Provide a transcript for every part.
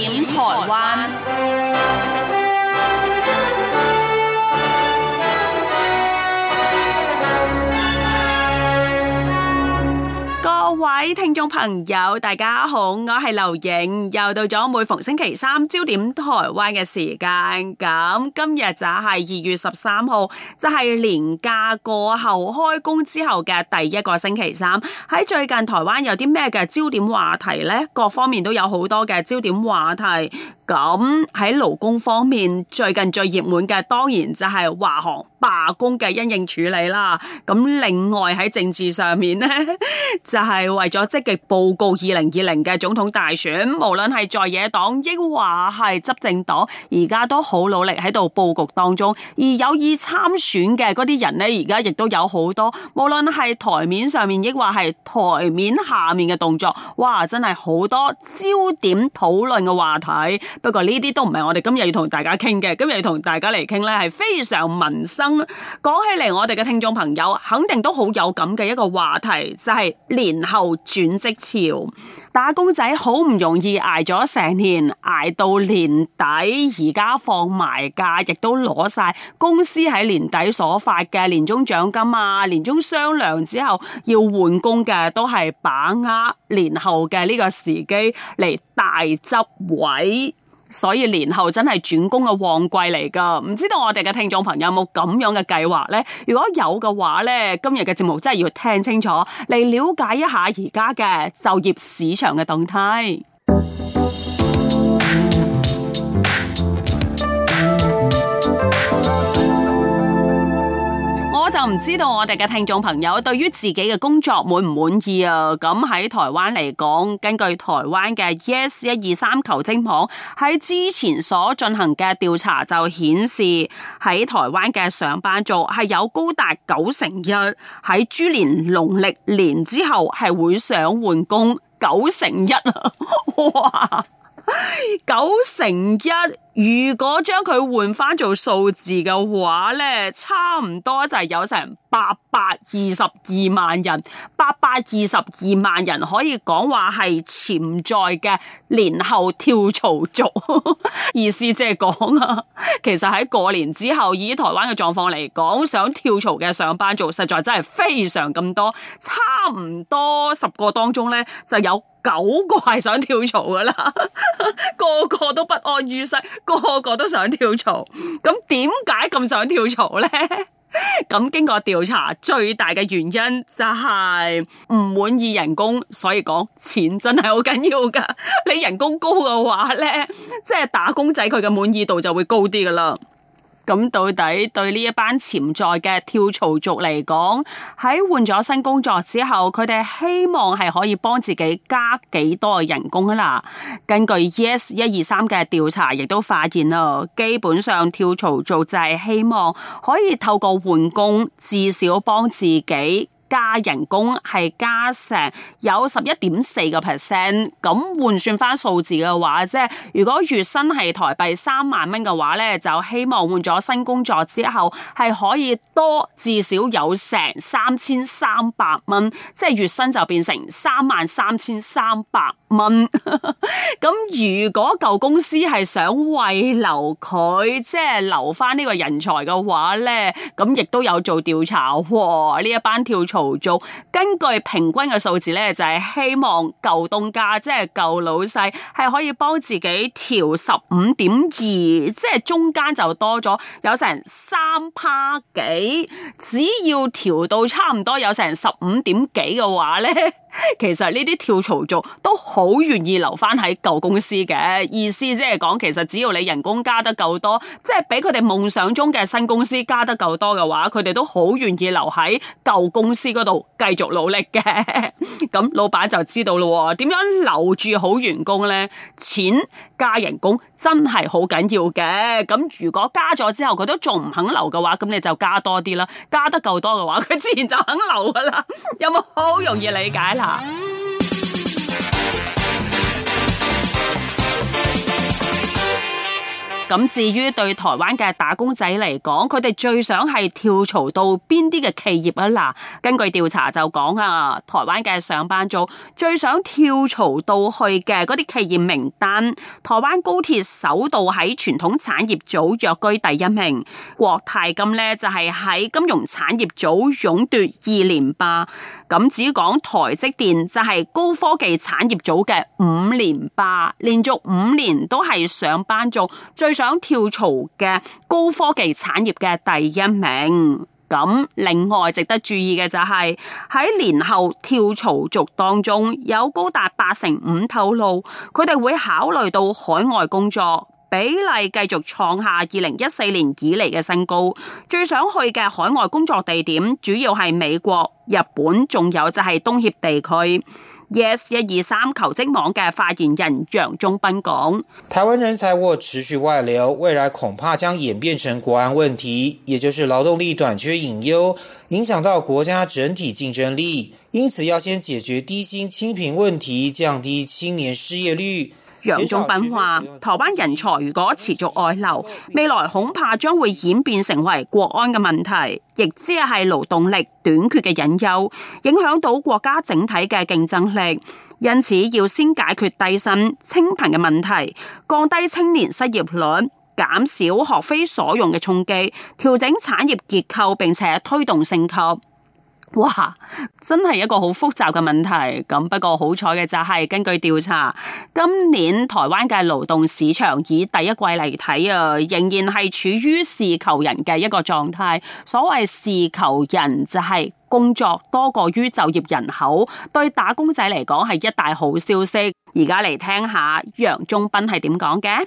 點台灣？各位聽眾朋友，大家好，我係劉影，又到咗每逢星期三焦點台灣嘅時間。咁今日就係二月十三號，就係年假過後開工之後嘅第一個星期三。喺最近台灣有啲咩嘅焦點話題咧？各方面都有好多嘅焦點話題。咁喺勞工方面，最近最熱門嘅當然就係華航罷工嘅因應處理啦。咁另外喺政治上面咧， 就係為咗積極報告二零二零嘅總統大選，無論係在野黨，亦或係執政黨，而家都好努力喺度佈局當中。而有意參選嘅嗰啲人呢，而家亦都有好多，無論係台面上面，亦或係台面下面嘅動作。哇，真係好多焦點討論嘅話題。不過呢啲都唔係我哋今日要同大家傾嘅，今日要同大家嚟傾呢，係非常民生。講起嚟，我哋嘅聽眾朋友肯定都好有感嘅一個話題，就係年後。轉職潮，打工仔好唔容易挨咗成年，挨到年底，而家放埋假，亦都攞晒公司喺年底所發嘅年終獎金啊，年終商量之後要換工嘅，都係把握年後嘅呢個時機嚟大執位。所以年後真係轉工嘅旺季嚟㗎，唔知道我哋嘅聽眾朋友有冇咁樣嘅計劃咧？如果有嘅話咧，今日嘅節目真係要聽清楚，嚟了解一下而家嘅就業市場嘅動態。唔知道我哋嘅聽眾朋友對於自己嘅工作滿唔滿意啊？咁喺台灣嚟講，根據台灣嘅 Yes 一二三求職網，喺之前所進行嘅調查就顯示，喺台灣嘅上班族係有高達九成一喺豬年農曆年之後係會想換工，九成一啊！哇！九成一，如果將佢換翻做數字嘅話呢，差唔多就係有成八百二十二萬人，八百二十二萬人可以講話係潛在嘅年後跳槽族， 意思即係講啊，其實喺過年之後，以台灣嘅狀況嚟講，想跳槽嘅上班族實在真係非常咁多，差唔多十個當中呢，就有。九成係想跳槽噶啦，個個都不安於室，個個都想跳槽。咁點解咁想跳槽呢？咁經過調查，最大嘅原因就係唔滿意人工，所以講錢真係好緊要噶。你人工高嘅話呢，即係打工仔佢嘅滿意度就會高啲噶啦。咁到底對呢一班潛在嘅跳槽族嚟講，喺換咗新工作之後，佢哋希望係可以幫自己加幾多人工啊？啦，根據 yes123 嘅調查，亦都發現啦，基本上跳槽族就係希望可以透過換工，至少幫自己。加人工係加成有十一點四個 percent，咁換算翻數字嘅話，即係如果月薪係台幣三萬蚊嘅話咧，就希望換咗新工作之後係可以多至少有成三千三百蚊，即係月薪就變成三萬三千三百蚊。咁 如果舊公司係想慰留佢，即係留翻呢個人才嘅話咧，咁亦都有做調查喎，呢一班跳槽。嘈，根據平均嘅數字咧，就係希望舊東家，即係舊老細，係可以幫自己調十五點二，即係中間就多咗有成三趴幾，只要調到差唔多有成十五點幾嘅話咧，其實呢啲跳槽族都好願意留翻喺舊公司嘅意思，即係講其實只要你人工加得夠多，即係比佢哋夢想中嘅新公司加得夠多嘅話，佢哋都好願意留喺舊公司。嗰度繼續努力嘅，咁 老闆就知道咯。點樣留住好員工呢？錢，加人工真係好緊要嘅。咁如果加咗之後佢都仲唔肯留嘅話，咁你就加多啲啦。加得夠多嘅話，佢自然就肯留噶啦。 有冇好容易理解啦？咁至於對台灣嘅打工仔嚟講，佢哋最想係跳槽到邊啲嘅企業啊？嗱，根據調查就講啊，台灣嘅上班族最想跳槽到去嘅嗰啲企業名單，台灣高鐵首度喺傳統產業組躍居第一名，國泰金呢就係喺金融產業組勇奪二連霸。咁至於講台積電就係高科技產業組嘅五連霸，連續五年都係上班族最想跳槽嘅高科技產業嘅第一名，咁另外值得注意嘅就係喺年後跳槽族當中，有高達八成五透露佢哋會考慮到海外工作，比例繼續創下二零一四年以嚟嘅新高，最想去嘅海外工作地點主要係美國。日本，仲有就係東協地區，yes 一二三求職網嘅發言人楊忠斌講：台灣人才若持續外流，未來恐怕將演變成國安問題，也就是勞動力短缺隱憂，影響到國家整體競爭力。因此要先解決低薪、清貧問題，降低青年失業率。楊忠斌話：台灣人才如果持續外流，未來恐怕將會演變成為國安嘅問題，亦即係勞動力。短缺嘅隱憂，影響到國家整體嘅競爭力，因此要先解決低薪、清貧嘅問題，降低青年失業率，減少學非所用嘅衝擊，調整產業結構並且推動升級。哇，真係一個好複雜嘅問題。咁不過好彩嘅就係，根據調查，今年台灣嘅勞動市場以第一季嚟睇啊，仍然係處於事求人嘅一個狀態。所謂事求人就係工作多過於就業人口，對打工仔嚟講係一大好消息。而家嚟聽下楊忠斌係點講嘅。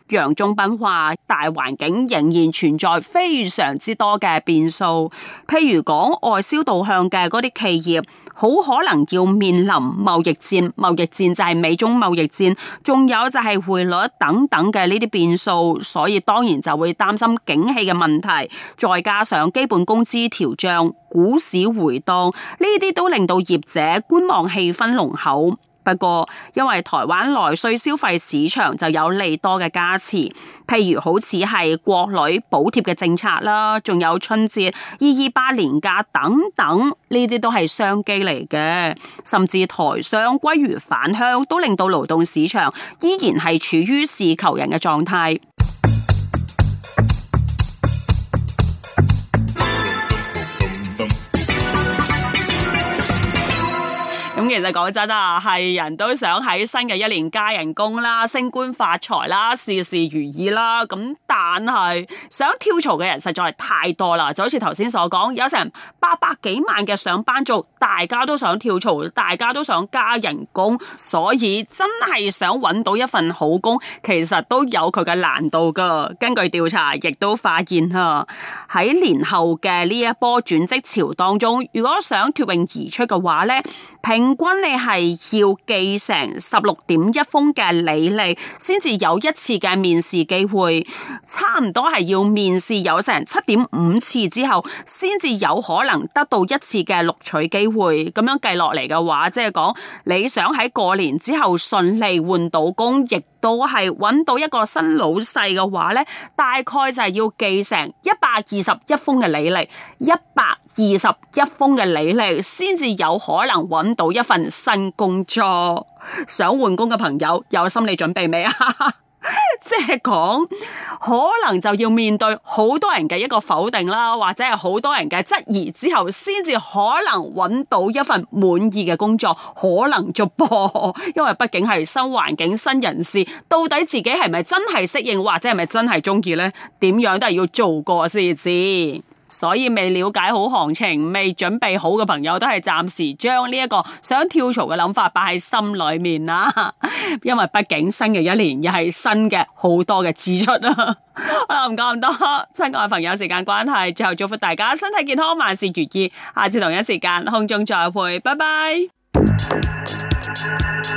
楊忠斌話：大環境仍然存在非常之多嘅變數，譬如講外銷導向嘅嗰啲企業，好可能要面臨貿易戰，貿易戰就係美中貿易戰，仲有就係匯率等等嘅呢啲變數，所以當然就會擔心景氣嘅問題，再加上基本工資調漲、股市回檔呢啲，都令到業者觀望氣氛濃厚。不過，因為台灣內需消費市場就有利多嘅加持，譬如好似係國旅補貼嘅政策啦，仲有春節、二二八連假等等，呢啲都係商機嚟嘅。甚至台商鮭魚返鄉，都令到勞動市場依然係處於事求人嘅狀態。你講真啊，係人都想喺新嘅一年加人工啦、升官發財啦、事事如意啦。咁但係想跳槽嘅人實在係太多啦，就好似頭先所講，有成八百幾萬嘅上班族，大家都想跳槽，大家都想加人工，所以真係想搵到一份好工，其實都有佢嘅難度㗎。根據調查，亦都發現吓，喺年後嘅呢一波轉職潮當中，如果想脫穎而出嘅話咧，平均你係要寄成十六點一封嘅履歷先至有一次嘅面試機會，差唔多係要面試有成七點五次之後先至有可能得到一次嘅錄取機會，咁樣計落嚟嘅話，即係講你想喺過年之後順利換到工，亦都係揾到一個新老細嘅話咧，大概就係要寄成一百二十一封嘅履歷，一百二十一封嘅履歷先至有可能揾到一封份新工作，想換工嘅朋友有心理準備未啊？即係講，可能就要面對好多人嘅一個否定啦，或者係好多人嘅質疑之後，先至可能揾到一份滿意嘅工作，可能做噃，因為畢竟係新環境、新人士，到底自己係咪真係適應，或者係咪真係中意呢？點樣都係要做過先至知。所以未了解好行情、未準備好嘅朋友，都係暫時將呢一個想跳槽嘅諗法擺喺心裏面啦。因為畢竟新嘅一年又係新嘅好多嘅支出啦。 好啦，唔講咁多，親愛嘅朋友，時間關係，最後祝福大家身體健康，萬事如意。下次同一時間空中再會，拜拜。